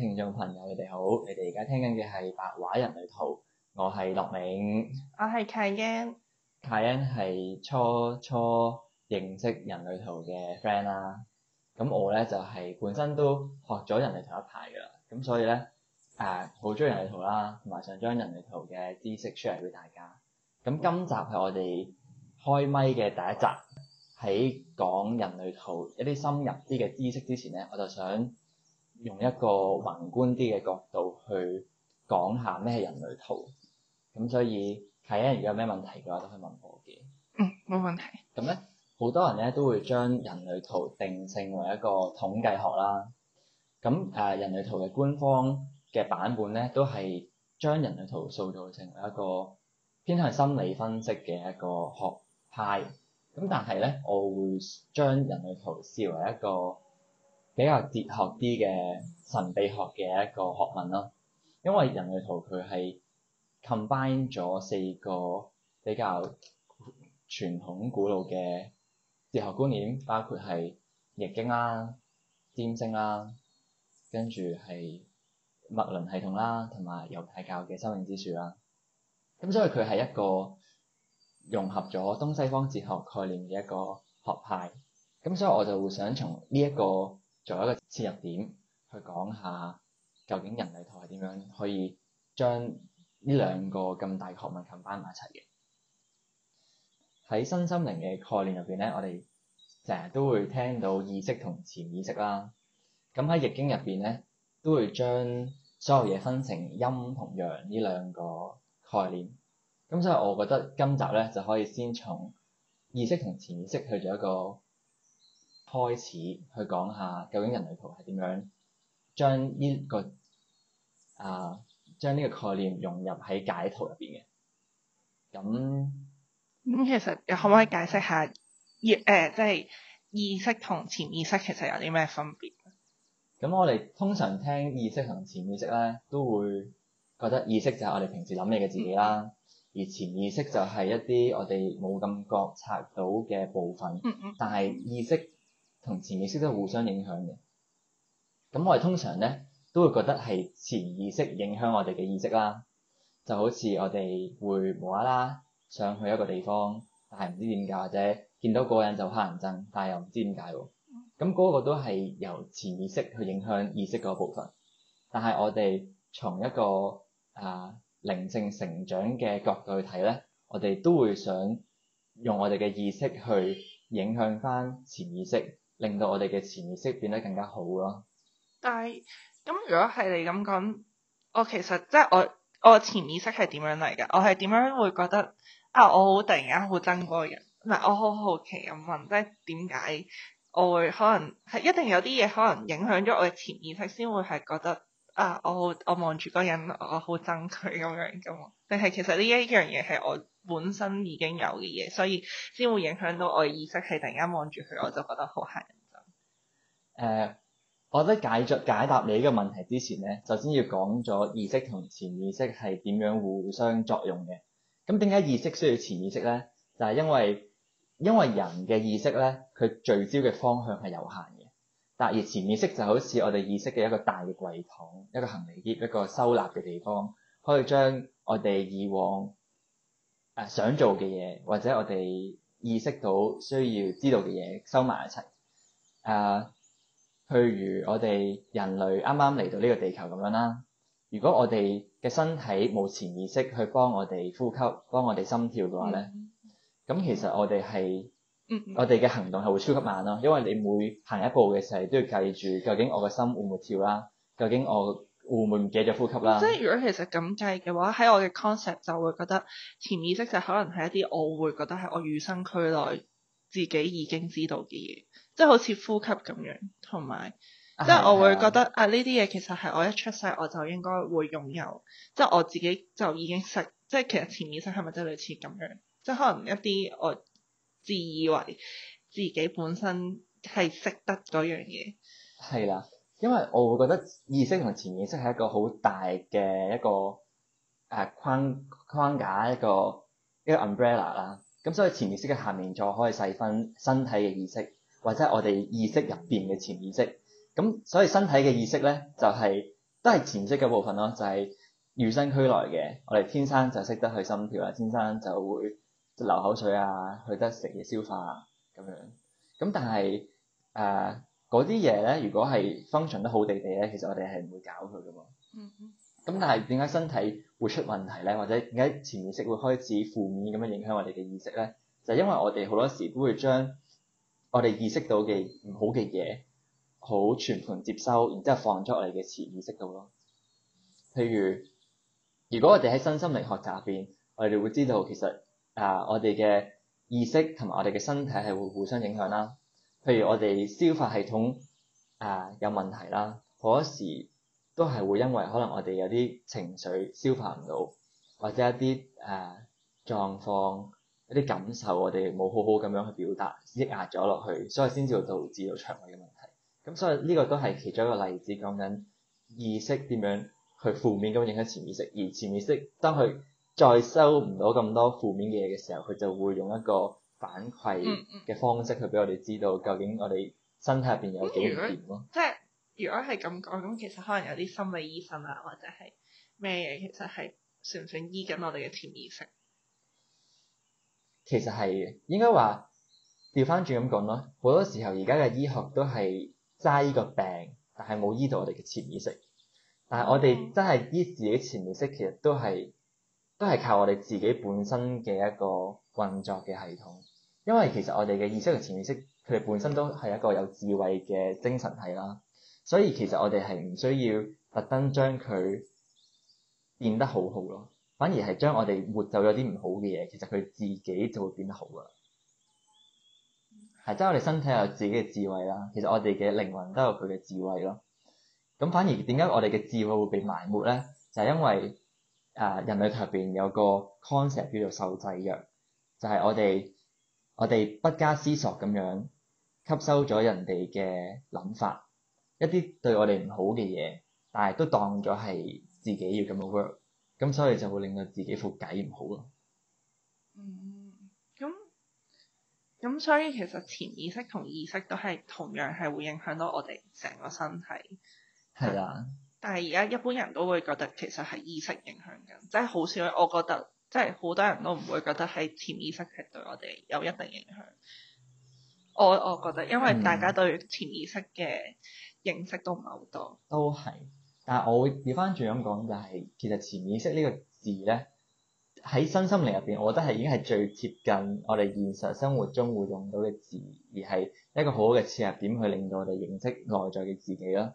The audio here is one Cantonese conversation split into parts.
聽眾朋友，你哋好！你哋而家聽緊嘅係白話人類圖，我係諾銘，我係 Cayenne。Cayenne 係初初認識人類圖嘅 friend 啦。咁我咧就係、是、本身都學咗人類圖一排㗎啦，咁所以咧誒好中意人類圖啦，同埋想將人類圖嘅知識 share 俾大家。咁今集係我哋開咪嘅第一集，喺講人類圖一啲深入啲嘅知識之前咧，我就想，用一個宏觀啲嘅角度去講下咩係人類圖，咁所以睇下如果有咩問題嘅話，都可以問我嘅。嗯，冇問題。咁咧，好多人咧都會將人類圖定性為一個統計學啦。咁誒、呃，人類圖嘅官方嘅版本咧，都係將人類圖塑造成為一個偏向心理分析嘅一個學派。咁但係咧，我會將人類圖視為一個。比較哲學啲嘅神秘學嘅一個學問咯，因為人類圖佢係 combine 咗四個比較傳統古老嘅哲學觀念，包括係易經啦、占星啦，跟住係脈輪系統啦，同埋猶太教嘅生命之樹啦。咁、嗯、所以佢係一個融合咗東西方哲學概念嘅一個學派。咁所以我就會想從呢、這、一個。做一個切入點去講下究竟人類圖係點樣可以將呢兩個咁大嘅學問冚翻埋一齊嘅。喺身心靈嘅概念入邊咧，我哋成日都會聽到意識同潛意識啦。咁喺易經入邊咧，都會將所有嘢分成陰同陽呢兩個概念。咁所以我覺得今集咧就可以先從意識同潛意識去做一個。開始去講下，究竟人類圖係點樣將呢個啊將呢個概念融入喺解圖入邊嘅。咁咁，其實可唔可以解釋下？意誒，即係意識同潛意識其實有啲咩分別？咁我哋通常聽意識同潛意識咧，都會覺得意識就係我哋平時諗嘢嘅自己啦，嗯嗯，而潛意識就係一啲我哋冇咁覺察到嘅部分。嗯嗯，但係意識。同潛意識都互相影響嘅，咁我哋通常咧都會覺得係潛意識影響我哋嘅意識啦，就好似我哋會無啦啦想去一個地方，但係唔知點解或者見到個人就乞人憎，但係又唔知點解喎。咁嗰個都係由潛意識去影響意識嗰部分，但係我哋從一個啊靈性成長嘅角度去睇咧，我哋都會想用我哋嘅意識去影響返潛意識。令到我哋嘅潛意識變得更加好咯。但係，咁如果係你咁講，我其實即係我，我潛意識係點樣嚟嘅？我係點樣會覺得啊？我好突然間好憎嗰個人，唔係我好好奇咁問，即係點解我會可能係一定有啲嘢可能影響咗我嘅潛意識，先會係覺得。啊！我我望住個人，我好憎佢咁樣噶，定係其實呢一樣嘢係我本身已經有嘅嘢，所以先會影響到我嘅意識，係突然間望住佢，我就覺得好吓人憎。誒、呃，我覺得解着解答你呢個問題之前咧，就先要講咗意識同潛意識係點樣互相作用嘅。咁點解意識需要潛意識咧？就係、是、因為因為人嘅意識咧，佢聚焦嘅方向係有限嘅。但而潛意識就好似我哋意識嘅一個大櫃桶，一個行李喼，一個收納嘅地方，可以將我哋以往誒、呃、想做嘅嘢，或者我哋意識到需要知道嘅嘢收埋一齊。誒、呃，譬如我哋人類啱啱嚟到呢個地球咁樣啦。如果我哋嘅身體冇潛意識去幫我哋呼吸、幫我哋心跳嘅話咧，咁、嗯、其實我哋係～我哋嘅行動係會超級慢咯，因為你每行一步嘅時候都要計住，究竟我嘅心會唔會跳啦？究竟我會唔會唔記得呼吸啦、啊？即係如果其實咁計嘅話，喺我嘅 concept 就會覺得潛意識就可能係一啲我會覺得係我與生俱來自己已經知道嘅嘢，即係好似呼吸咁樣，同埋、啊、即係我會覺得啊呢啲嘢其實係我一出世我就應該會擁有，即係我自己就已經識，即係其實潛意識係咪真係類似咁樣？即係可能一啲我。自以為自己本身係識得嗰樣嘢，係啦，因為我會覺得意識同潛意識係一個好大嘅一個誒、啊、框框架一個一個 umbrella 啦，咁所以潛意識嘅下面再可以細分身體嘅意識，或者我哋意識入邊嘅潛意識，咁所以身體嘅意識咧就係、是、都係潛意識嘅部分咯，就係、是、與生俱來嘅，我哋天生就識得去心跳啦，天生就會。流口水啊，去得食嘢消化咁、啊、樣咁，但係誒嗰啲嘢咧，如果係 function 得好地地咧，其實我哋係唔會搞佢噶嘛。嗯咁哼但係點解身體會出問題咧？或者點解潛意識會開始負面咁樣影響我哋嘅意識咧？就係、因為我哋好多時都會將我哋意識到嘅唔好嘅嘢，好全盤接收，然之後放咗我哋嘅潛意識度咯。譬如如果我哋喺身心靈學習入邊，我哋會知道其實。啊！我哋嘅意識同埋我哋嘅身體係會互相影響啦。譬如我哋消化系統啊有問題啦，好多時都係會因為可能我哋有啲情緒消化唔到，或者一啲誒狀況、一啲感受我哋冇好好咁樣去表達，抑壓咗落去，所以先至會導致到腸胃嘅問題。咁所以呢個都係其中一個例子，講緊意識點樣去負面咁影響潛意識，而潛意識當佢再收唔到咁多負面嘅嘢嘅時候，佢就會用一個反饋嘅方式去俾我哋知道，究竟我哋身體入邊有幾唔掂咯。即係如果係咁講，咁其實可能有啲心理醫生啊，或者係咩嘢，其實係算唔算醫緊我哋嘅潛意識？其實係應該話調翻轉咁講咯。好多時候而家嘅醫學都係齋依個病，但係冇醫到我哋嘅潛意識。但係我哋真係醫自己潛意識，其實都係、嗯。嗯都係靠我哋自己本身嘅一個運作嘅系統，因為其實我哋嘅意識同潛意識佢哋本身都係一個有智慧嘅精神體啦，所以其實我哋係唔需要特登將佢變得好好咯，反而係將我哋活走咗啲唔好嘅嘢，其實佢自己就會變得好噶啦。係即係我哋身體有自己嘅智慧啦，其實我哋嘅靈魂都有佢嘅智慧咯。咁反而點解我哋嘅智慧會被埋沒咧？就係因為。誒人類圖入邊有個 concept 叫做受制約，就係、是、我哋我哋不加思索咁樣吸收咗人哋嘅諗法，一啲對我哋唔好嘅嘢，但係都當咗係自己要咁嘅 work，咁所以就會令到自己副偈唔好咯。咁咁、嗯、所以其實潛意識同意識都係同樣係會影響到我哋成個身體。係啊。但係而家一般人都會覺得其實係意識影響緊，即係好少。我覺得即係好多人都唔會覺得係潛意識係對我哋有一定影響。我我覺得，因為大家對潛意識嘅認識都唔係好多。嗯、都係，但係我會調返轉咁講，就係其實潛意識呢個字咧，喺身心靈入邊，我覺得係已經係最接近我哋現實生活中會用到嘅字，而係一個好好嘅切入點去令到我哋認識內在嘅自己咯。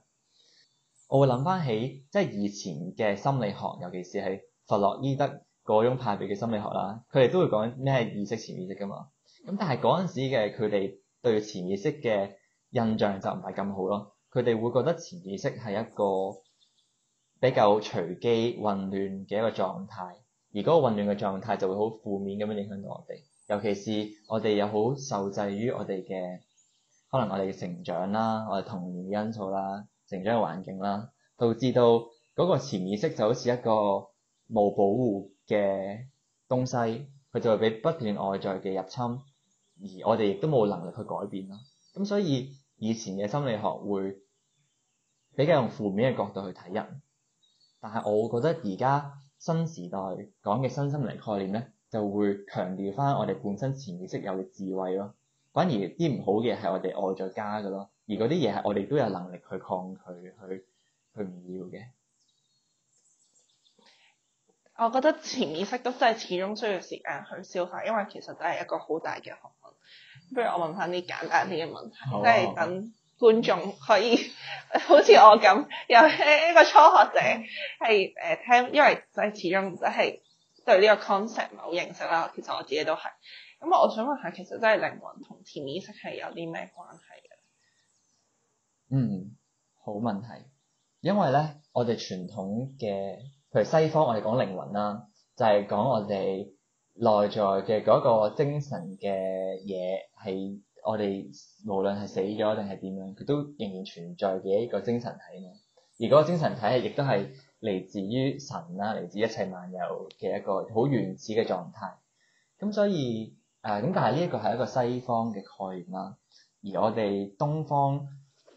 我會諗返起即係以前嘅心理學，尤其是係弗洛伊德嗰種派別嘅心理學啦。佢哋都會講咩意識、潛意識㗎嘛。咁但係嗰陣時嘅佢哋對潛意識嘅印象就唔係咁好囉。佢哋會覺得潛意識係一個比較隨機混亂嘅一個狀態，而嗰個混亂嘅狀態就會好負面咁樣影響到我哋。尤其是我哋又好受制於我哋嘅可能我哋嘅成長啦，我哋童年嘅因素啦，成長嘅環境啦。導致到嗰個潛意識就好似一個冇保護嘅東西，佢就會俾不斷外在嘅入侵，而我哋亦都冇能力去改變咯。咁所以以前嘅心理學會比較用負面嘅角度去睇人，但係我覺得而家新時代講嘅新心靈概念咧，就會強調返我哋本身潛意識有嘅智慧咯。反而啲唔好嘅係我哋外在加㗎咯，而嗰啲嘢係我哋都有能力去抗拒去。佢唔要嘅，我覺得潛意識都真係始終需要時間去消化，因為其實都係一個好大嘅學問。不如我問翻啲簡單啲嘅問題，即係 等觀眾可以 好似我咁，由一個初學者係誒、呃、聽，因為即係始終都係對呢個 concept 唔係好認識啦。其實我自己都係咁，我想問下，其實真係靈魂同潛意識係有啲咩關係嘅？嗯，好問題。因為咧，我哋傳統嘅，譬如西方，我哋講靈魂啦，就係、是、講我哋內在嘅嗰個精神嘅嘢，係我哋無論係死咗定係點樣，佢都仍然存在嘅一個精神體。而嗰個精神體係亦都係嚟自於神啦，嚟自一切萬有嘅一個好原始嘅狀態。咁所以，誒、呃，咁但係呢一個係一個西方嘅概念啦。而我哋東方，誒、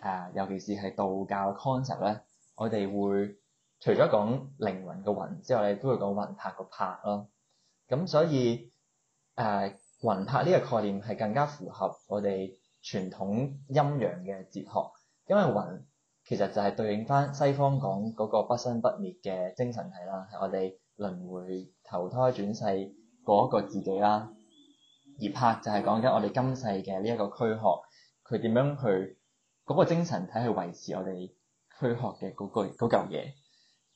呃，尤其是係道教 concept 咧。我哋會除咗講靈魂嘅魂之外，咧都會講魂魄個魄咯。咁所以，誒魂魄呢個概念係更加符合我哋傳統陰陽嘅哲學，因為魂其實就係對應翻西方講嗰個不生不滅嘅精神體啦，係我哋輪迴投胎轉世嗰個自己啦。而魄就係講緊我哋今世嘅呢一個軀殼，佢點樣去嗰個精神體去維持我哋。推學嘅嗰句嗰嚿嘢。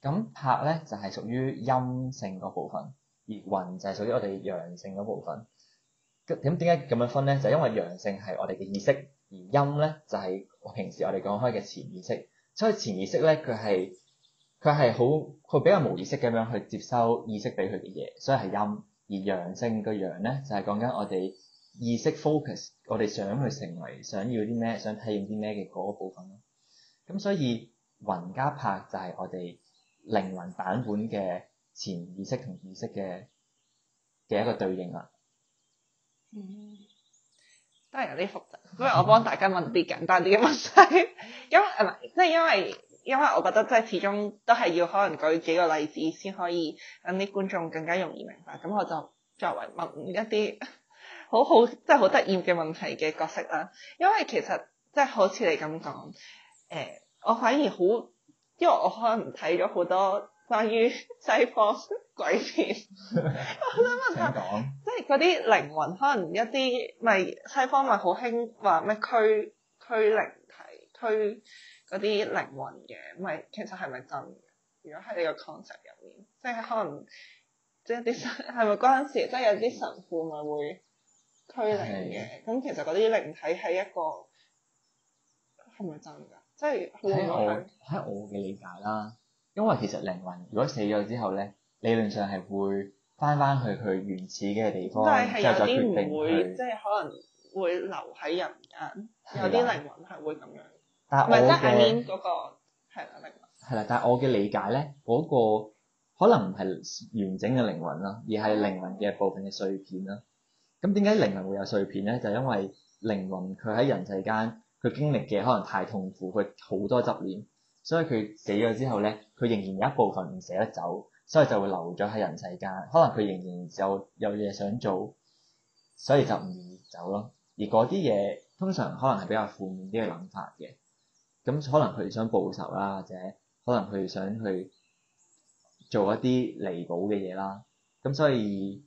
咁、那個、魄咧就係、是、屬於陰性嗰部分，而魂就係屬於我哋陽性嗰部分。咁點點解咁樣分咧？就是、因為陽性係我哋嘅意識，而陰咧就係、是、平時我哋講開嘅潛意識。所以潛意識咧佢係佢係好佢比較無意識咁樣去接收意識俾佢嘅嘢，所以係陰。而陽性個陽咧就係、是、講緊我哋意識 focus，我哋想去成為想要啲咩，想體驗啲咩嘅嗰部分咯。咁所以魂加魄就係我哋靈魂版本嘅潛意識同意識嘅嘅一個對應啦。嗯，都係有啲複雜，不如 我幫大家問啲簡單啲嘅問題。咁，誒唔即係因為因為我覺得即係始終都係要可能舉幾個例子先可以等啲觀眾更加容易明白。咁我就作為問一啲好好即係好得意嘅問題嘅角色啦。因為其實即係好似你咁講。誒、欸、我反而好，因為我可能睇咗好多關於西方鬼片， 我想問下，到即係啲靈魂，可能一啲咪西方咪好興話咩驅驅靈體驅啲靈魂嘅，唔係其實係咪真嘅？如果喺你個 concept 入面，即係可能即係啲神係咪陣時即係有啲神父咪會驅靈嘅？咁、嗯、其實啲靈體係一個係咪真噶？即係喺我喺我嘅理解啦，因為其實靈魂如果死咗之後咧，理論上係會返返去佢原始嘅地方，之後再決定會。即係可能會留喺人間，吧有啲靈魂係會咁樣。但係我嘅嗰個係啦，靈魂係啦。但係我嘅理解咧，嗰個可能唔係完整嘅靈魂啦，而係靈魂嘅部分嘅碎片啦。咁點解靈魂會有碎片咧？就因為靈魂佢喺人世間。佢經歷嘅可能太痛苦，佢好多執念，所以佢死咗之後咧，佢仍然有一部分唔捨得走，所以就會留咗喺人世間。可能佢仍然就有有嘢想做，所以就唔願意走咯。而嗰啲嘢通常可能係比較負面啲嘅諗法嘅，咁可能佢想報仇啦，或者可能佢想去做一啲彌補嘅嘢啦，咁所以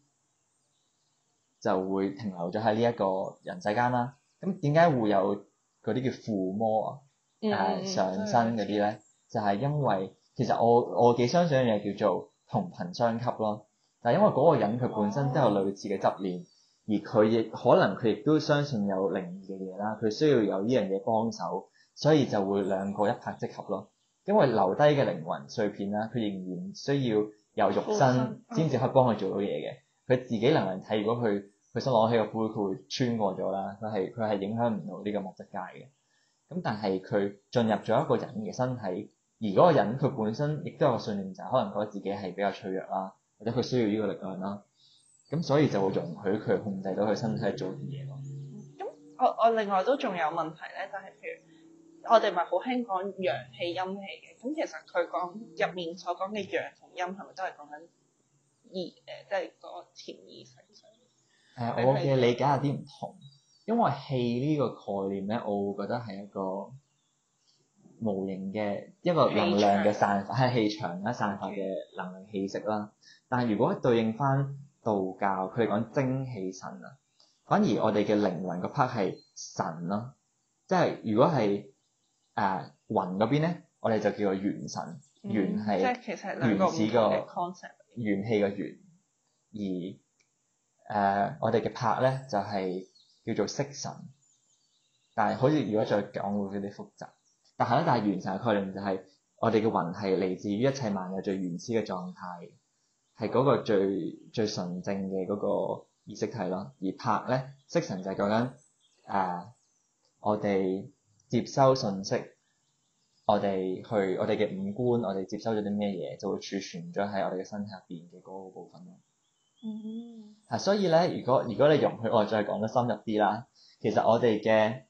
就會停留咗喺呢一個人世間啦。咁點解會有？嗰啲叫附魔啊，誒、嗯、上身嗰啲咧，嗯、就係因為其實我我幾相信嘅嘢叫做同頻相吸咯。但係因為嗰個人佢本身都有類似嘅執念，而佢亦可能佢亦都相信有靈異嘅嘢啦。佢需要有呢樣嘢幫手，所以就會兩個一拍即合咯。因為留低嘅靈魂碎片啦，佢仍然需要由肉身先至可以幫佢做到嘢嘅。佢自己能量睇，如果佢。佢先攞起個杯，佢會穿過咗啦。佢係佢係影響唔到呢個物質界嘅。咁但係佢進入咗一個人嘅身體，而嗰個人佢本身亦都有個信念，就係可能覺得自己係比較脆弱啦，或者佢需要呢個力量啦。咁所以就會容許佢控制到佢身體做啲嘢咯。咁我我另外都仲有問題咧，就係、是、譬如我哋咪好興講陽氣陰氣嘅。咁其實佢講入面所講嘅陽同陰，係咪都係講緊意？誒、呃，即、就、係、是、個潛意識。誒，我嘅理解有啲唔同，因為氣呢個概念咧，我會覺得係一個無形嘅一個能量嘅散發氣場啦，散發嘅能量氣息啦。但係如果對應翻道教，佢哋講精氣神啊，反而我哋嘅靈魂個 part 係神咯，即係如果係誒雲嗰邊咧，我哋就叫做元神，嗯、元係原始、嗯、即個元氣嘅元，而誒，uh, 我哋嘅魄咧就係、是、叫做色神，但係好似如果再講會有啲複雜。但係咧，但係原神嘅概念就係、是、我哋嘅魂係嚟自於一切萬有最原始嘅狀態，係嗰個最最純正嘅嗰個意識體咯。而魄咧，色神就係講緊誒我哋接收信息，我哋去我哋嘅五官，我哋接收咗啲咩嘢，就會儲存咗喺我哋嘅身體入邊嘅嗰個部分咯。嗯，嗯，啊，所以咧，如果如果你容許我，我再講得深入啲啦，其實我哋嘅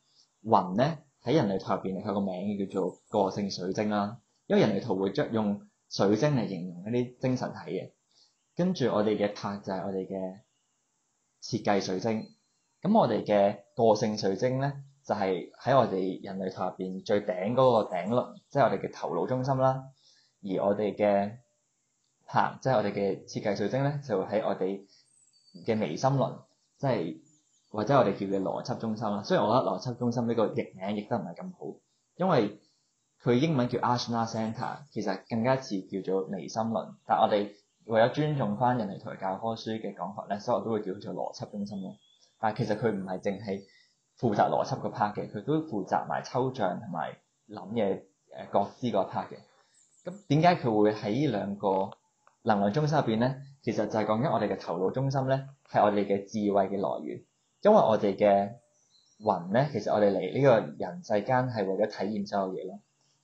魂咧喺人類圖入邊，佢個名叫做個性水晶啦。因為人類圖會將用水晶嚟形容一啲精神體嘅，跟住我哋嘅魄就係我哋嘅設計水晶。咁我哋嘅個性水晶咧，就係、是、喺我哋人類圖入邊最頂嗰個頂輪，即、就、係、是、我哋嘅頭腦中心啦。而我哋嘅嚇、嗯！即係我哋嘅設計水晶咧，就喺我哋嘅眉心輪，即係或者我哋叫嘅邏輯中心啦。所以我覺得邏輯中心呢個譯名譯得唔係咁好，因為佢英文叫 Ajna Center，其實更加似叫做眉心輪。但係我哋為咗尊重翻人哋台教科書嘅講法咧，所以我都會叫做邏輯中心嘅。但係其實佢唔係淨係負責邏輯個 part 嘅，佢都負責埋抽象同埋諗嘢誒，各思個 part 嘅。咁點解佢會喺呢兩個能量中心入邊咧，其實就係講緊我哋嘅頭腦中心咧，係我哋嘅智慧嘅來源。因為我哋嘅魂咧，其實我哋嚟呢個人世間係為咗體驗所有嘢咯。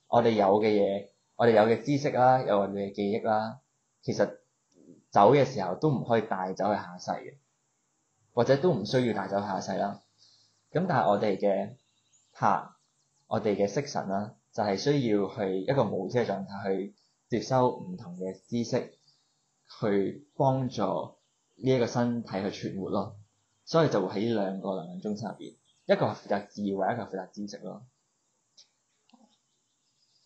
我哋有嘅嘢，我哋有嘅知識啦，有我哋嘅記憶啦，其實走嘅時候都唔可以帶走去下世嘅，或者都唔需要帶走下世啦。咁但係我哋嘅魄，我哋嘅識神啦，就係需要去一個無知嘅狀態去接收唔同嘅知識。去幫助呢一個身體去存活咯，所以就會喺兩個能量中心入邊，一個係負責智慧，一個負責知識咯。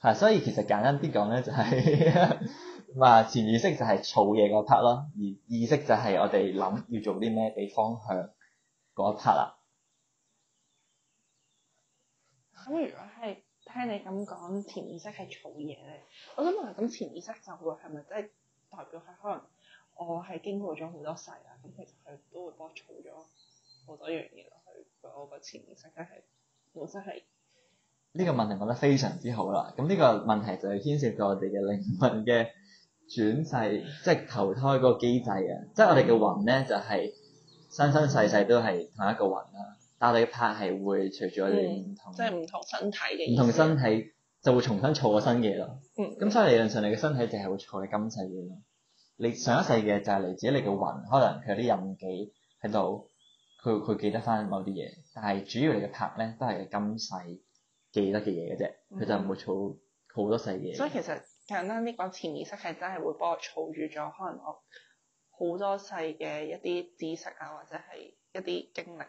係、 嗯，所以其實簡單啲講咧，就係話潛意識就係做嘢嗰 part 咯，而意識就係我哋諗要做啲咩俾方向嗰 part 啦。咁如果係聽你咁講，潛意識係做嘢咧，我想問下，咁潛意識就係咪真係？代表係可能我係經過咗好多世啊，咁其實佢都會幫我儲咗好多樣嘢落去我個潛意識，係我真係。呢個問題講得非常之好啦，咁呢個問題就係牽涉到我哋嘅靈魂嘅轉世，嗯、即係投胎嗰個機制啊，嗯、即係我哋嘅魂咧就係生生世世都係同一個魂啦，但嘅魄係會隨住你唔同，嗯、即係唔同身體嘅唔同身體就會重新儲個新嘢咯。嗯嗯，咁所以理論上你嘅身體就係會儲你今世嘅咯，你上一世嘅就係嚟自你嘅魂，可能佢有啲印記喺度，佢佢記得翻某啲嘢，但係主要你嘅魄咧都係今世記得嘅嘢嘅啫，佢就唔會儲好多世嘅嘢。嗯，所以其實簡單啲講潛意識係真係會幫我儲住咗，可能我好多世嘅一啲知識啊，或者係一啲經歷。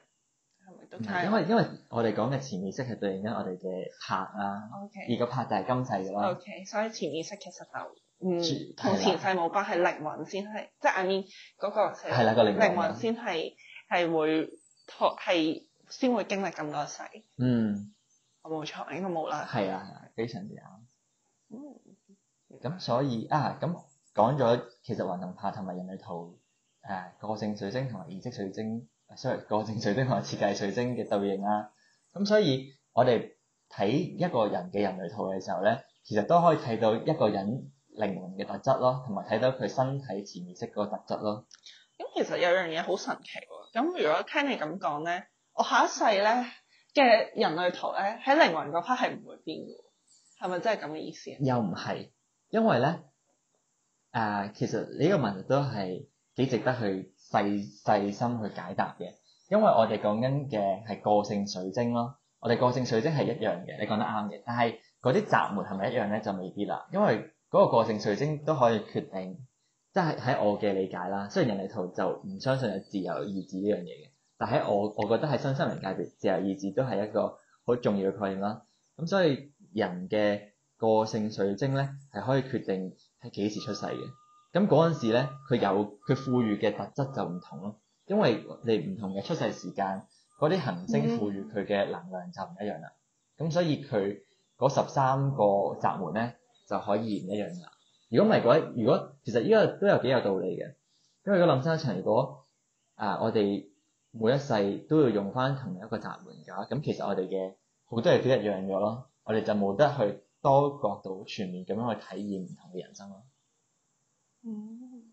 唔係，因為因為我哋講嘅潛意識係對應緊我哋嘅魄啊，Okay. 而個魄就係今世嘅啦。O、okay. K，所以潛意識其實就同、嗯、對前世冇關，係靈魂先係，即係 I mean 嗰個。係啦，嗰個靈魂。靈魂先係係會託係先會經歷咁多世。嗯。我冇錯，應該冇啦。係啊，非常之啱。咁、嗯、所以啊，咁講咗，其實魂同魄同埋人類圖誒、啊、個性水晶同埋意識水晶，個性水晶同埋設計水晶嘅對應啦，咁所以我哋睇一個人嘅人類圖嘅時候咧，其實都可以睇到一個人靈魂嘅特質咯，同埋睇到佢身體潛意識嗰個特質咯。咁其實有樣嘢好神奇喎，咁如果聽你咁講咧，我下一世咧嘅人類圖咧喺靈魂嗰 part 係唔會變嘅，係咪真係咁嘅意思啊？又唔係，因為咧，誒、呃，其實呢個問題都係幾值得去，細細心去解答嘅，因為我哋講緊嘅係個性水晶咯，我哋個性水晶係一樣嘅，你講得啱嘅。但係嗰啲閘門係咪一樣咧？就未必啦，因為嗰個個性水晶都可以決定，即係喺我嘅理解啦。雖然人類圖就唔相信有自由意志呢樣嘢嘅，但喺我我覺得喺身心靈界別，自由意志都係一個好重要嘅概念啦。咁所以人嘅個性水晶咧係可以決定喺幾時出世嘅。咁嗰陣時咧，佢有佢賦予嘅特質就唔同咯，因為你唔同嘅出世時間，嗰啲行星賦予佢嘅能量就唔一樣啦。咁、嗯、所以佢嗰十三個閘門咧就可以唔一樣啦。如果唔係如果其實依個都有幾有道理嘅，因為如果諗深一層，如果啊，我哋每一世都要用翻同一個閘門㗎，咁其實我哋嘅好多嘢都一樣咗咯，我哋就冇得去多角度全面咁樣去體驗唔同嘅人生咯。嗯，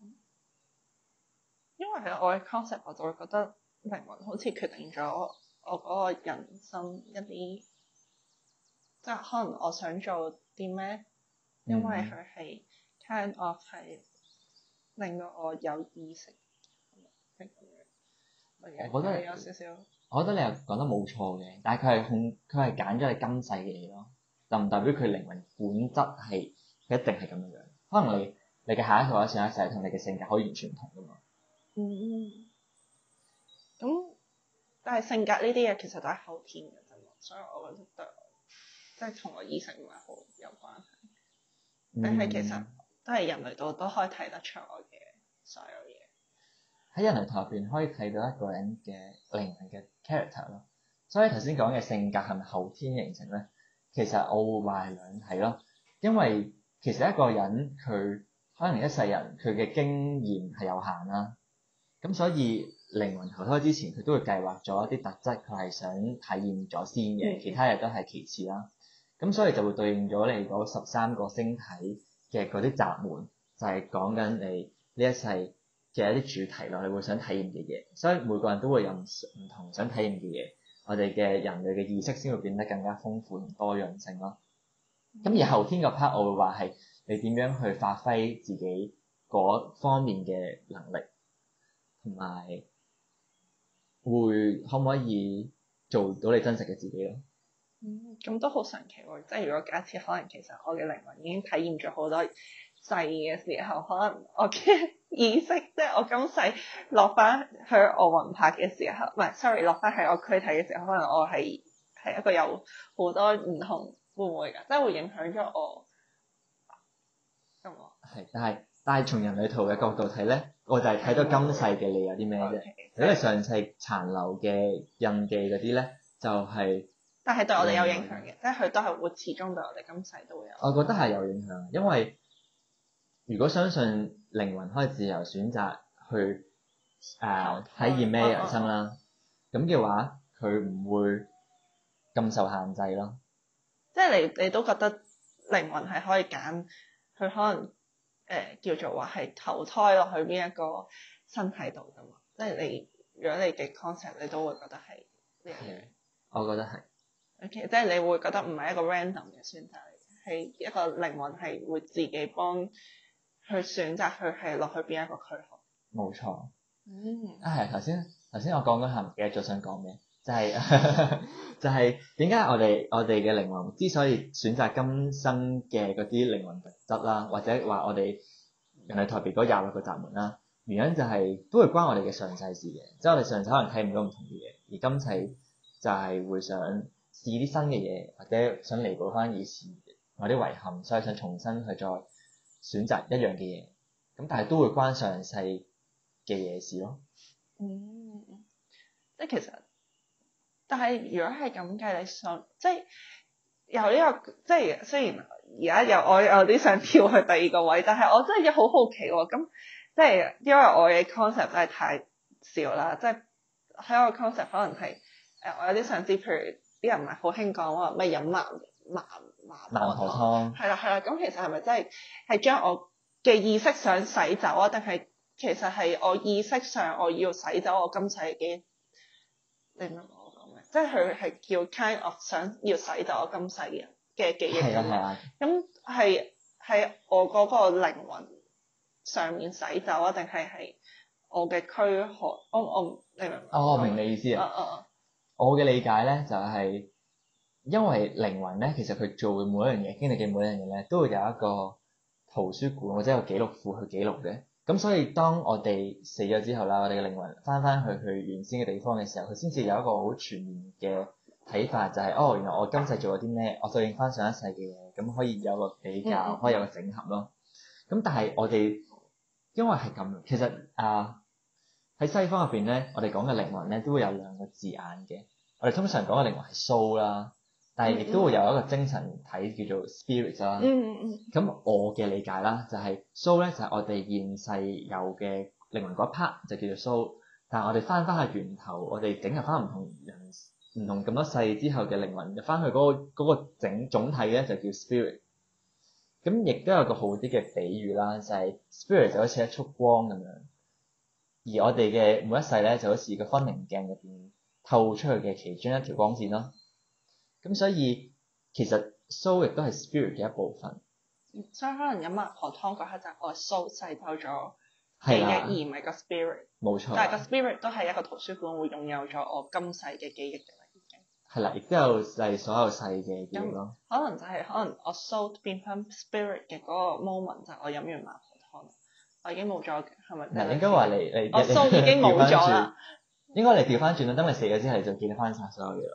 因為係我嘅 concept，我就會覺得靈魂好似決定咗我嗰個人生一啲，即係可能我想做啲咩，因為佢係 kind of 係令到我有意識，我覺得你有少少，我覺得你又講得冇錯嘅，但係佢係控佢係揀咗你今世嘅嘢咯，就唔代表佢靈魂本質係一定係咁樣樣，可能你。你嘅下一代，上一世同你嘅性格可以完全唔同㗎嘛、嗯？嗯，咁但係性格呢啲嘢其實都係後天嘅啫，所以我覺得對，即係同我意識唔係好有關係。嗯、但係其實都係人類圖都，都可以睇得出我嘅所有嘢。喺人類圖入邊可以睇到一個人嘅靈魂嘅 character 咯，所以頭先講嘅性格係咪後天形成咧？其實我會話係兩體咯，因為其實一個人佢。嗯可能一世人佢嘅經驗係有限啦，咁所以靈魂投胎之前佢都會計劃咗一啲特質，佢係想體驗咗先嘅，其他嘢都係其次啦。咁所以就會對應咗你嗰十三個星體嘅嗰啲閘門，就係講緊你呢一世嘅一啲主題落去會想體驗嘅嘢，所以每個人都會有唔同想體驗嘅嘢，我哋嘅人類嘅意識先會變得更加豐富同多樣性咯。咁、嗯、而後天個 part，我會話係。你點樣去發揮自己嗰方面嘅能力，同埋會可唔可以做到你真實嘅自己咯？咁都好神奇喎、哦！即係如果假設可能其實我嘅靈魂已經體驗咗好多世嘅時候，可能我嘅意識，即係我今世落翻去我魂魄嘅時候，唔係，sorry，落翻喺我軀體嘅時候，可能我係係一個有好多唔同，會唔會噶？即係會影響咗我。但係但係從人類圖嘅角度睇咧，我就係睇到今世嘅你有啲咩啫。Okay，因為上世殘留嘅印記嗰啲咧，就係、是、但係對我哋有影響嘅，即係佢都係會始終對我哋今世都會有影響。我覺得係有影響，因為如果相信靈魂可以自由選擇去誒、呃、體驗咩人生啦，咁嘅、嗯嗯嗯、話佢唔會咁受限制咯。即係你你都覺得靈魂係可以揀，佢可能。誒、呃、叫做話係投胎落去邊一個身體度㗎嘛，即係你如果你嘅 concept 你都會覺得係呢樣嘢，我覺得係，OK 即係你會覺得唔係一個 random 嘅選擇嚟，係一個靈魂係會自己幫去選擇佢係落去邊一個區號，冇錯，嗯，啊係頭先頭先我講緊下唔記得咗想講咩？ 就係，就係點解我哋我哋嘅靈魂之所以選擇今生嘅嗰啲靈魂特質啦，或者話我哋人係台別嗰廿六個閘門啦，原因就係都會關我哋嘅上世事嘅，即係我哋上世可能睇唔到唔同嘅嘢，而今世就係會想試啲新嘅嘢，或者想彌補返以前某啲遺憾，所以想重新去再選擇一樣嘅嘢，咁但係都會關上世嘅嘢事咯。嗯，即係其實。但係如果係咁嘅，你想即係由呢個，即係雖然而家有我有啲想跳去第二個位，但係我真係好好奇喎、哦。咁即係因為我嘅 concept 真係太少啦，即係喺我 concept 可能係誒我有啲想知，譬如啲人唔係好興講話咪飲麻麻麻湯。麻婆湯。係啦係啦，咁蠻其實係咪真係係將我嘅意識想洗走啊？定係其實係我意識上我要洗走我今世嘅點即係佢係叫 kind of 想要洗走今世嘅記憶咁，係係我個嗰個靈魂上面洗走啊，定係係我嘅軀殼，我我唔明哦，我明你意思啊！嗯嗯、uh oh. 我嘅理解咧就係、是、因為靈魂咧，其實佢做嘅每一樣嘢、經歷嘅每一樣嘢咧，都會有一個圖書館或者有記錄庫去記錄嘅。咁所以當我哋死咗之後啦，我哋嘅靈魂翻翻去佢原先嘅地方嘅時候，佢先至有一個好全面嘅睇法，就係、是、哦，原來我今世做咗啲咩，我對應翻上一世嘅嘢，咁可以有個比較，可以有個整合咯。咁 但係我哋因為係咁，其實啊喺、呃、西方入邊咧，我哋講嘅靈魂咧都會有兩個字眼嘅，我哋通常講嘅靈魂係 soul 啦。但係亦都會有一個精神體叫做 spirit 啦。咁 我嘅理解啦、就是，soul、就係 soul 咧就係我哋現世有嘅靈魂嗰一 part 就叫做 soul。但係我哋翻翻去源頭，我哋整合翻唔同人唔同咁多世之後嘅靈魂，翻去嗰個整總體咧就叫 spirit。咁亦都有個好啲嘅比喻啦，就係、是、spirit 就好似一束光咁樣，而我哋嘅每一世咧就好似個分明鏡入邊透出去嘅其中一條光線咯。咁所以其實 soul 亦都係 spirit 嘅一部分。所以可能飲麻婆湯嗰刻我就我 soul 逝走咗記憶，而唔係個 spirit。冇錯，但係個 spirit 都係一個圖書館，會擁有咗我今世嘅記憶嘅。係啦，亦都有係所有世嘅嘢咯。可能就係，可能我 soul 變翻 spirit 嘅嗰個 moment 就係我飲完麻婆湯，我已經冇咗係咪？嗱，應該話你，你 soul 你你已經冇咗啦。 應該你調翻轉啦，等佢死咗之後就見到翻曬所有嘢咯。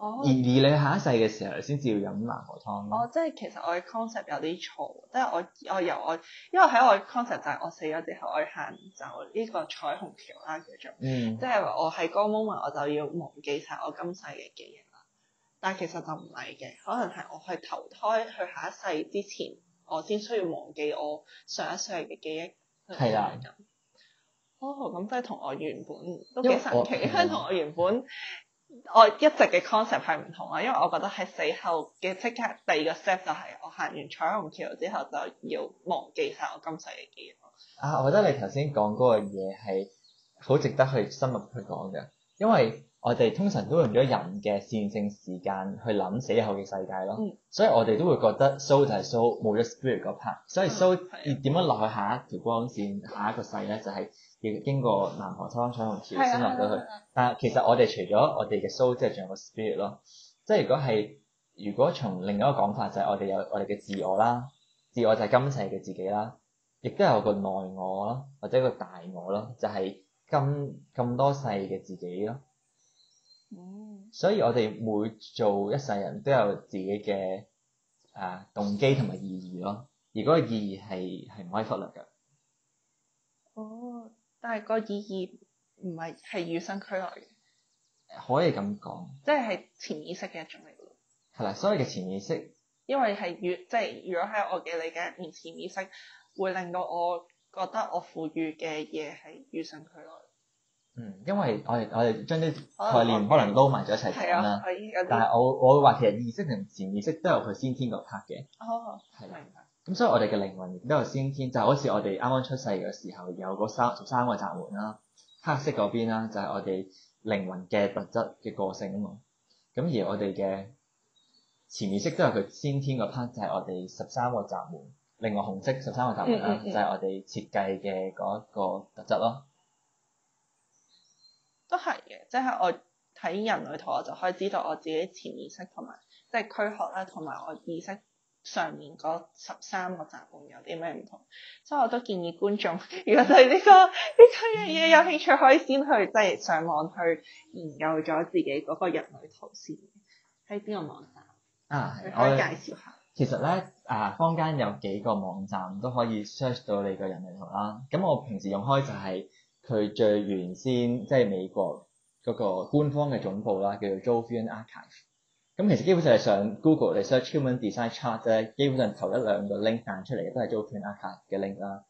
而、哦、而你下一世嘅時候先至要飲孟婆湯哦，即係其實我嘅 concept 有啲錯，即係我我由我，因為喺我 concept 就係我死咗之後，我行走呢個彩虹橋啦叫做，嗯、即係我喺嗰 moment 我就要忘記晒我今世嘅記憶啦。但係其實就唔係嘅，可能係我去投胎去下一世之前，我先需要忘記我上一世嘅記憶係啦。哦，咁即係同我原本都幾神奇，因為同我原本。我一直嘅 concept 係唔同啊，因為我覺得喺死後嘅即刻第二個 step 就係我行完彩虹橋之後就要忘記曬我今世嘅記憶。啊，我覺得你頭先講嗰個嘢係好值得去深入去講嘅，因為我哋通常都用咗人嘅線性時間去諗死後嘅世界咯，嗯、所以我哋都會覺得、嗯、soul 就係 soul 冇咗 spirit 嗰 part，所以 soul 要點樣落去下一條光線、下一個世咧就係、是。要經過南河洲彩虹橋先落咗去， 但係其實我哋除咗我哋嘅 soul，即係仲有個 spirit 咯。即係如果係，如果從另一個講法，就係、是、我哋有我哋嘅自我啦，自我就係今世嘅自己啦，亦都有個內我個內我咯，或者個大我咯，就係咁咁多世嘅自己咯。Mm. 所以我哋每做一世人，都有自己嘅啊動機同埋意義咯。而嗰個意義係係唔可以忽略嘅。Oh. 但係個意義唔係係與生俱來嘅，可以咁講，即係潛意識嘅一種嚟嘅係啦，所謂嘅潛意識，因為係越即係如果喺我嘅理解入面，潛意識會令到我覺得我賦予嘅嘢係與生俱來。嗯，因為我哋我哋將啲概念可能撈埋咗一齊睇啦。係啊，但係我我會話其實意識同潛意識都有佢先天個 part 嘅。哦，係。咁、嗯、所以我哋嘅靈魂亦都係先天，就是、好似我哋啱啱出世嘅時候有嗰三十三個閘門啦，黑色嗰邊啦，就係、是、我哋靈魂嘅特質嘅個性啊嘛。咁而我哋嘅潛意識都係佢先天個 part，就係、是、我哋十三個閘門，另外紅色十三個閘門啦，嗯嗯嗯就係我哋設計嘅嗰一個特質咯。都係嘅，即係我睇人類圖，我就可以知道我自己潛意識同埋即係軀殼啦，同埋我意識。上面嗰十三個樣本有啲咩唔同，所以我都建議觀眾，如果對呢、呢個呢樣嘢有興趣，可以先去即係上網去研究咗自己嗰個人類圖先。喺邊個網站啊？可以介紹下？其實咧，啊，坊間有幾個網站都可以 search 到你個人類圖啦。咁我平時用開就係佢最原先即係、就是、美國嗰個官方嘅總部啦，叫做 Jovian Archive。咁其實基本上係上 Google 嚟 search Human Design Chart 咧，基本上頭一兩個 link 彈出嚟嘅都係 Jovian Archive 嘅 link 啦。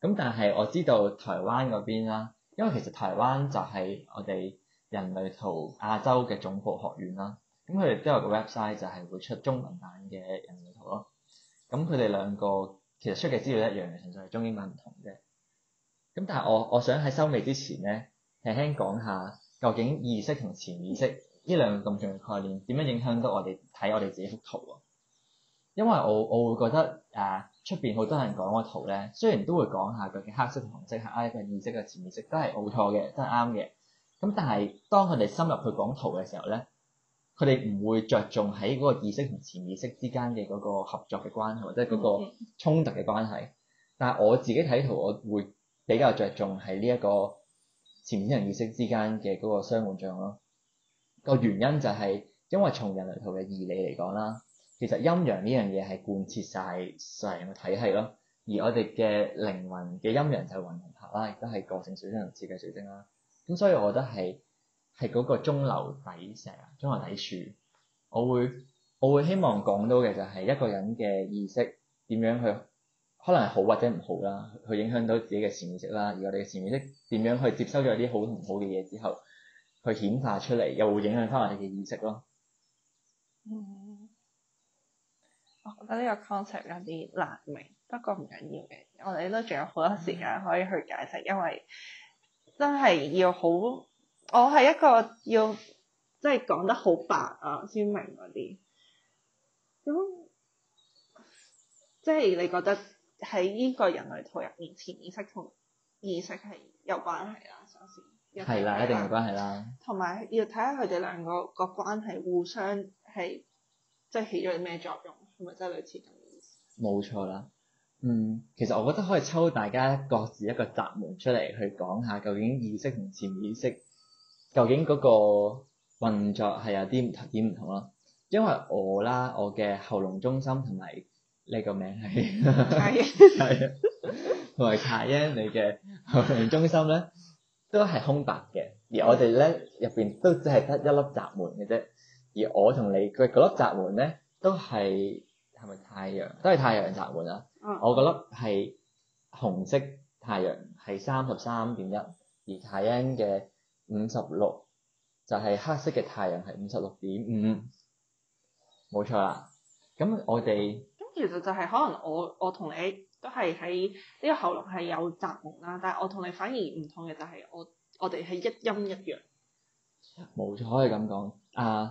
咁但係我知道台灣嗰邊啦，因為其實台灣就係我哋人類圖亞洲嘅總部學院啦。咁佢哋都有個 website 就係會出中文版嘅人類圖咯。咁佢哋兩個其實出嘅資料一樣嘅，純粹係中英文唔同啫。咁但係我我想喺收尾之前咧，輕輕講下究竟意識同潛意識，.呢兩個咁重要嘅概念，點樣影響到我哋睇我哋自己幅圖啊？因為我我會覺得誒出邊好多人講個圖咧，雖然都會講下佢嘅黑色同紅色，下一個意識嘅潛意識都係冇錯嘅，都係啱嘅。咁但係當佢哋深入去講圖嘅時候咧，佢哋唔會着重喺嗰個意識同潛意識之間嘅嗰個合作嘅關係，或者嗰個衝突嘅關係。但係我自己睇圖，我會比較着重喺呢一個潛意識同意識之間嘅嗰個相互象咯。個原因就係、是、因為從人類圖嘅義理嚟講啦，其實陰陽呢樣嘢係貫徹曬成個體系咯。而我哋嘅靈魂嘅陰陽就係魂同魄啦，亦都係個性水晶同設計水晶啦。咁所以我覺得係係嗰個中流砥石啊，中流砥柱。我會我會希望講到嘅就係一個人嘅意識點樣去，可能係好或者唔好啦，去影響到自己嘅潛意識啦。而我哋嘅潛意識點樣去接收咗啲好同唔好嘅嘢之後。佢顯化出嚟，又會影響翻你嘅意識咯。嗯，我覺得呢個 concept 有啲難明，不過唔緊要嘅，我哋都仲有好多時間可以去解釋，因為真係要好，我係一個要即係講得好白啊先明嗰啲。咁即係你覺得喺呢個人類圖入面，潛意識同意識係有關係啦，首先。係啦，一定有關係啦。同埋要睇下佢哋兩個個關係互相係，即係起咗啲咩作用，係咪真係類似咁嘅意思？冇錯啦，嗯，其實我覺得可以抽大家各自一個閘門出嚟去講下，究竟意識同潛意識究竟嗰個運作係有啲點唔同咯？因為我啦，我嘅喉嚨中心同埋呢個名係，係啊因，同埋 卡因你嘅喉嚨中心咧。 都係空白嘅，而我哋咧入邊都只係得一粒閘門嘅啫。而我同你，佢嗰粒閘門咧都係係咪太陽？都係太陽閘門啦。我覺得係紅色太陽係三十三點一，而太陰嘅五十六就係黑色嘅太陽係五十六點五，冇錯啦。咁我哋咁其實就係可能我我同你。都係喺呢個喉嚨係有閘門啦，但係我同你反而唔同嘅就係我我哋係一陰一陽，冇錯，可以咁講啊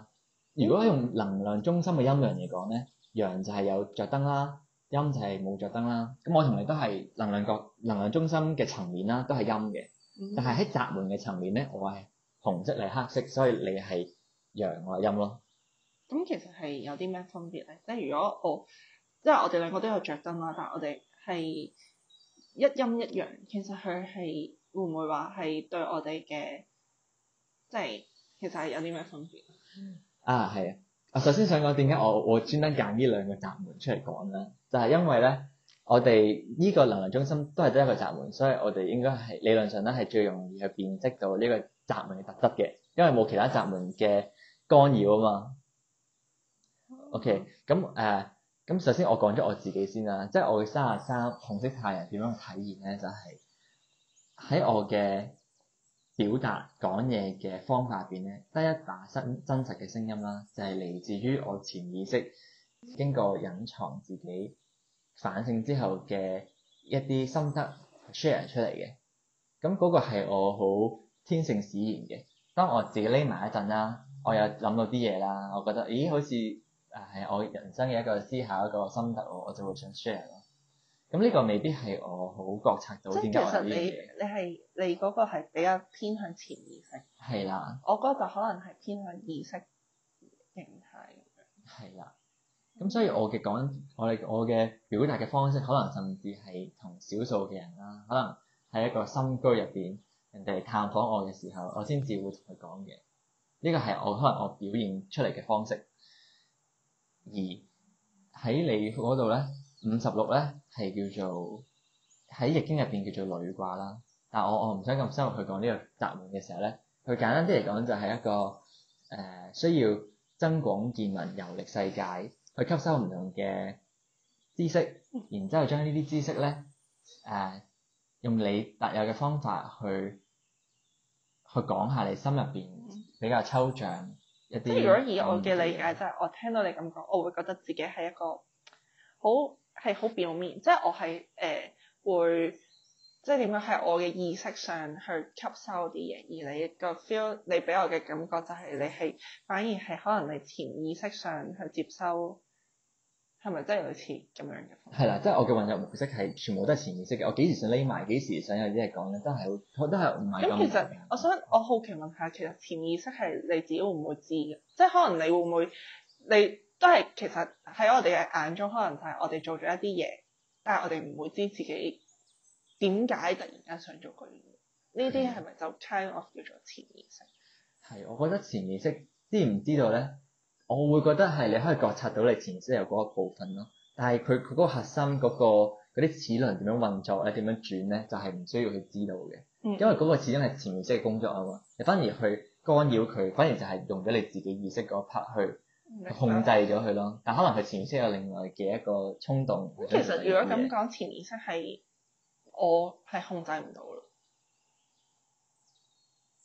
！Uh, 如果用能量中心嘅陰陽嚟講咧，陽就係有着燈啦，陰就係冇着燈啦。咁我同你都係能量角能量中心嘅層面啦，都係陰嘅，但係喺閘門嘅層面咧，我係紅色嚟黑色，所以你係陽我係陰咯。咁其實係有啲咩分別咧？即係如果我即係我哋兩個都有着燈啦，但係我哋，係一陰一陽，其實佢係會唔會話係對我哋嘅，即係其實係有啲咩分別？啊，係啊，首先想講點解我我專登揀呢兩個閘門出嚟講咧，就係、是、因為咧，我哋呢個能量中心都係得一個閘門，所以我哋應該係理論上咧係最容易去辨識到呢個閘門嘅特質嘅，因為冇其他閘門嘅干擾啊嘛。嗯、OK，咁誒。呃咁首先我講咗我自己先啦，即係我嘅三三紅色太陽點樣體現咧，就係喺我嘅表達講嘢嘅方法入邊咧，得一把真真實嘅聲音啦，就係嚟自於我潛意識經過隱藏自己反省之後嘅一啲心得 share 出嚟嘅。咁嗰個係我好天性使然嘅。當我自己匿埋一陣啦，我又諗到啲嘢啦，我覺得咦好似～啊，係我人生嘅一個思考，一個心得，我就會想 share 咯。咁呢個未必係我好覺察到點解呢？其實你你係你嗰個係比較偏向潛意識。係啦。我覺得就可能係偏向意識形態咁係啦。咁所以我嘅講，我哋我嘅表達嘅方式，可能甚至係同少數嘅人啦，可能喺一個深居入邊，人哋探訪我嘅時候，我先至會同佢講嘅。呢個係我可能我表現出嚟嘅方式。而喺你度咧，五十六咧係叫做喺易經入邊叫做旅卦啦。但係我我唔想咁深入去講呢個雜悶嘅時候咧，佢簡單啲嚟講就係一個誒、呃、需要增廣見聞、遊歷世界，去吸收唔同嘅知識，然之後將呢啲知識咧誒、呃、用你特有嘅方法去去講下你心入邊比較抽象。即係如果以我嘅理解，就係我聽到你咁講我會覺得自己係一個好係好表面，即係我係誒、呃、會即係點樣喺我嘅意識上去吸收啲嘢，而你個 feel，你俾我嘅感覺就係你係反而係可能你潛意識上去接收。係咪真係好似咁樣嘅？係啦，即係我嘅運入模式係全部都係潛意識嘅。我幾時想匿埋，幾時想有啲嘢講咧，都係好，都係唔係咁。咁其實，我想我好奇問下，其實潛意識係你自己會唔會知嘅？即係可能你會唔會，你都係其實喺我哋嘅眼中，可能就係我哋做咗一啲嘢，但係我哋唔會知自己點解突然間想做嗰啲嘢。呢啲係咪就 kind of 叫做潛意識？係，我覺得潛意識知唔知道咧？我會覺得係你可以覺察到你潛意識有嗰一部分咯，但係佢，佢個核心嗰個嗰啲齒輪點樣運作咧，點樣轉咧，就係、是、唔需要去知道嘅，嗯、因為嗰個始終係潛意識嘅工作啊嘛。你反而去干擾佢，反而就係用咗你自己意識嗰一 part 去控制咗佢咯。行但可能係潛意識有另外嘅一個衝動，嗯、其實如果咁講，潛意識係我係控制唔到。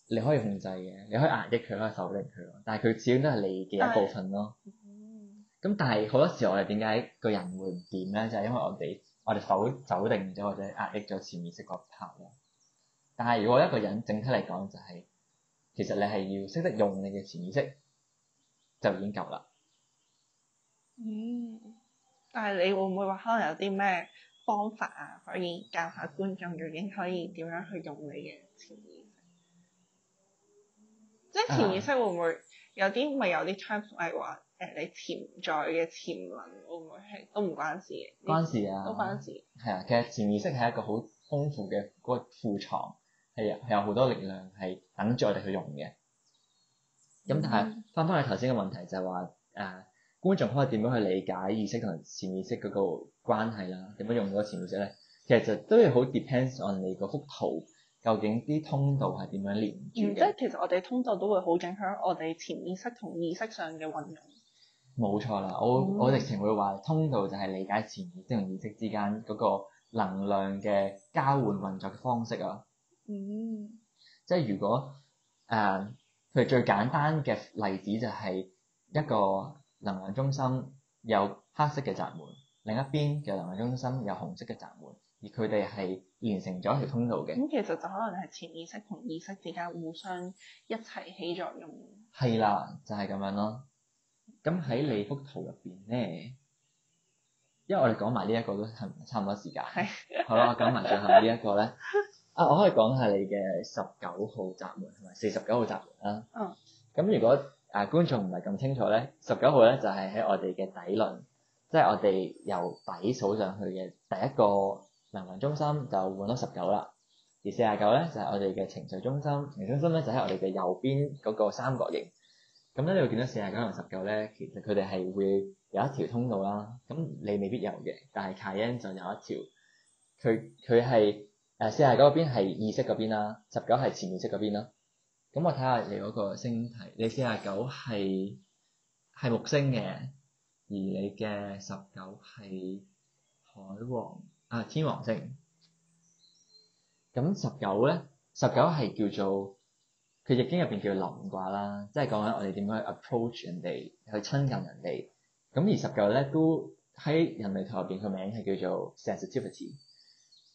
你可以控制嘅，你可以壓抑佢，可以否定佢，但係佢始終都係你嘅一部分咯。咁但係，嗯，好多時我哋點解個人會唔掂咧？就係因為我哋我哋否否定咗或者壓抑咗潛意識嗰 part 咯。但係如果一個人整體嚟講就係，其實你係要識得用你嘅潛意識就已經夠啦。嗯，但係你會唔會話可能有啲咩方法啊，可以教下觀眾究竟可以點樣去用你嘅潛意識？即係潛意識會唔會有啲咪、啊、有啲 type 係話誒你潛在嘅潛能會唔會係都唔關事嘅？關事啊！都關事。係啊，其實潛意識係一個好豐富嘅嗰個庫藏，係係有好多力量係等住我哋去用嘅。咁但係翻返去頭先嘅問題就係話誒觀眾可以點樣去理解意識同潛意識嗰個關係啦？點樣用到潛意識咧？其實都係好 depends on 你嗰幅圖。究竟啲通道係點樣連住嘅？嗯，即係其實我哋通道都會好影響我哋潛意識同意識上嘅運用。冇錯啦，我我直情會話通道就係理解潛意識同意識之間嗰個能量嘅交換運作嘅方式啊。嗯，即係如果誒，佢、呃、最簡單嘅例子就係一個能量中心有黑色嘅閘門，另一邊嘅能量中心有紅色嘅閘門。而佢哋係完成咗一條通道嘅。咁、嗯、其實就可能係潛意識同意識之間互相一齊起，起作用。係啦，就係、是、咁樣咯。咁喺你幅圖入邊咧，因為我哋講埋呢一個都係差唔多時間，係的，好啦，我講埋最後呢一個咧。 啊，我可以講下你嘅十九號閘門同埋四十九號閘門啦。嗯、哦。咁如果誒、啊、觀眾唔係咁清楚咧，十九號咧就係、是、喺我哋嘅底輪，即、就、係、是、我哋由底數上去嘅第一個。能量中心就換咗十九啦，而四十九咧就係、是、我哋嘅情緒中心。情緒中心咧就喺、是、我哋嘅右邊嗰個三角形。咁、嗯、咧你會見到四十九同十九咧，其實佢哋係會有一條通道啦。咁、嗯、你未必有嘅，但係 Cayenne 就有一條。佢，佢係誒四十九嗰邊係意識嗰邊啦，十九係潛意識嗰邊啦。咁、嗯、我睇下你嗰個星體，你四十九係係木星嘅，而你嘅十九係海王。啊，天王星。咁十九咧，十九係叫做佢易經入邊叫臨卦啦，即係講緊我哋點樣去 approach 人哋去親近人哋。咁而十九咧都喺人類圖入邊個名係叫做 sensitivity，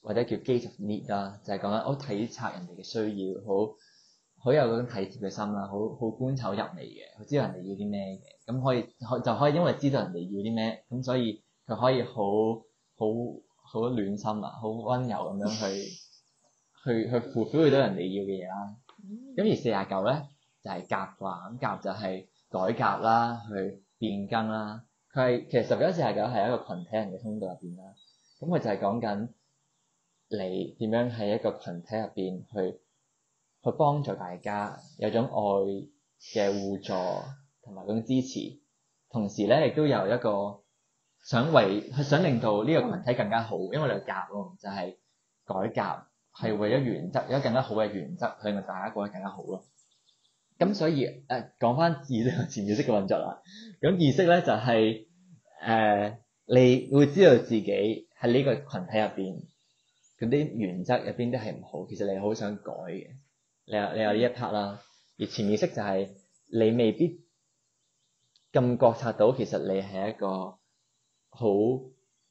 或者叫 gate of need 啦，就係講緊我體察人哋嘅需要，好好有嗰種體貼嘅心啦，好好觀察入微嘅，佢知道人哋要啲咩嘅。咁可以就可以因為知道人哋要啲咩，咁所以佢可以好好。好暖心啊，好溫柔咁樣去， 去，去去 f u l 到人哋要嘅嘢啦。咁 而四廿九咧就係革掛，咁革就係改革啦，去變更啦。佢係其實十九四廿九係一個群體人嘅通道入邊啦。咁佢就係講緊你點樣喺一個群體入邊去去幫助大家，有種愛嘅互助同埋嗰種支持，同時咧亦都有一個。想為係想令到呢個群體更加好，因為我哋係革咯，就係、是、改革，係為咗原則，有更，則更加好嘅原則去令大家過得更加好咯。咁所以誒、呃、講翻意潛意識嘅運作啦，咁意識咧就係、是、誒、呃、你會知道自己喺呢個群體入邊，咁啲原則入邊啲係唔好，其實你好想改嘅。你有你有呢一 part 啦，而潛意識就係、是、你未必咁覺察到，其實你係一個。好貼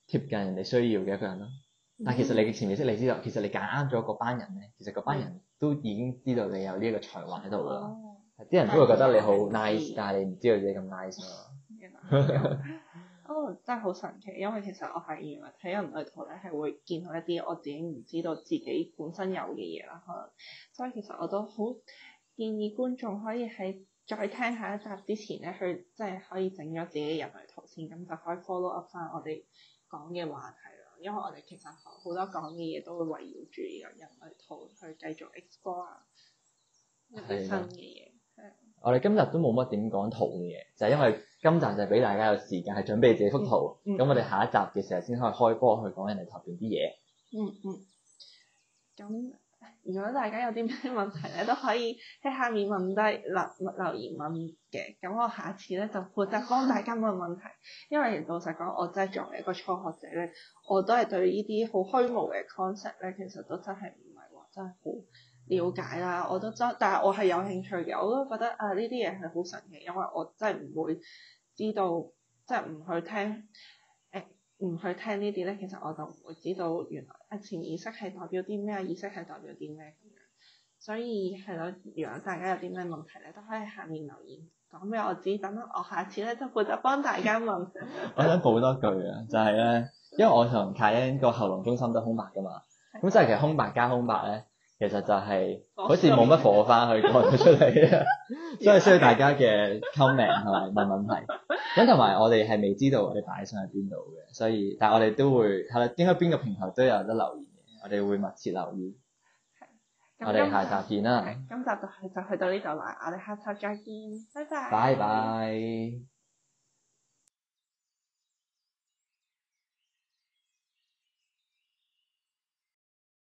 近人哋需要嘅一個人咯，但係其實你嘅潛意識你知道，其實你揀啱咗嗰班人咧，其實嗰班人都已經知道你有呢個才華喺度啦，啲、哦、人都會覺得你好 nice，但係你唔知道自己咁 nice 咯。哦，真係好神奇，因為其實我係原來睇人類圖咧，係會見到一啲我自己唔知道自己本身有嘅嘢啦，可能，所以其實我都好建議觀眾可以喺。再聽下一集之前咧，佢即係可以整咗自己嘅人類圖先，咁就可以 follow up 翻我哋講嘅話題咯。因為我哋其實好多講嘅嘢都會圍繞住個人類圖去繼續 explore 一啲新嘅嘢。的的我哋今日都冇乜點講圖嘅嘢，就係、是、因為今集就俾大家有時間係準備自己幅圖，咁、嗯嗯、我哋下一集嘅時候先可以開波去講人哋圖入邊啲嘢。嗯嗯。咁、嗯。嗯嗯.如果大家有啲咩問題咧，都可以喺下面問低留留言問嘅，咁我下次咧就負責幫大家問問題。因為其實老實講我真係作為一個初學者咧，我都係對呢啲好虛無嘅 concept 咧，其實都真係唔係話真係好了解啦。我都真，但係我係有興趣嘅，我都覺得啊呢啲嘢係好神奇，因為我真係唔會知道，即係唔去聽。唔去聽呢啲咧，其實我就唔會知道原來啊潛意識係代表啲咩，啊意識係代表啲咩咁樣。所以係咯，如果大家有啲咩問題咧，都可以喺下面留言講俾我知，咁我下次咧就負責幫大家問 我想補多句啊，就係、是、咧，因為我同 Cayenne 個喉嚨中心都空白噶嘛，咁即係其實空白加空白咧。其實就係好似冇乜火花去講到出嚟 原來 所以需要大家嘅 comment 同埋問問題。咁同埋我哋係未知道我哋擺上喺邊度嘅，所以但係我哋都會係啦，應該邊個平台都有得留言嘅，我哋會密切留意。我哋下集見啦。今集就就去到呢度啦，我哋下集再見，拜拜。拜拜。